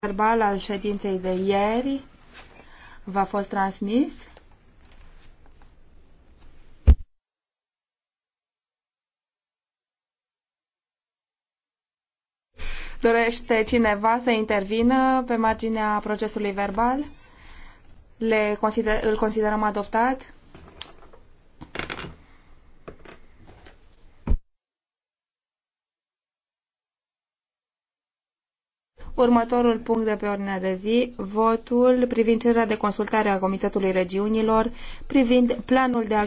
verbal al ședinței de ieri v-a fost transmis. Dorește cineva să intervină pe marginea procesului verbal? Le consider, îl considerăm adoptat? Următorul punct de pe ordinea de zi, votul privind cererea de consultare a Comitetului Regiunilor privind planul de acțiune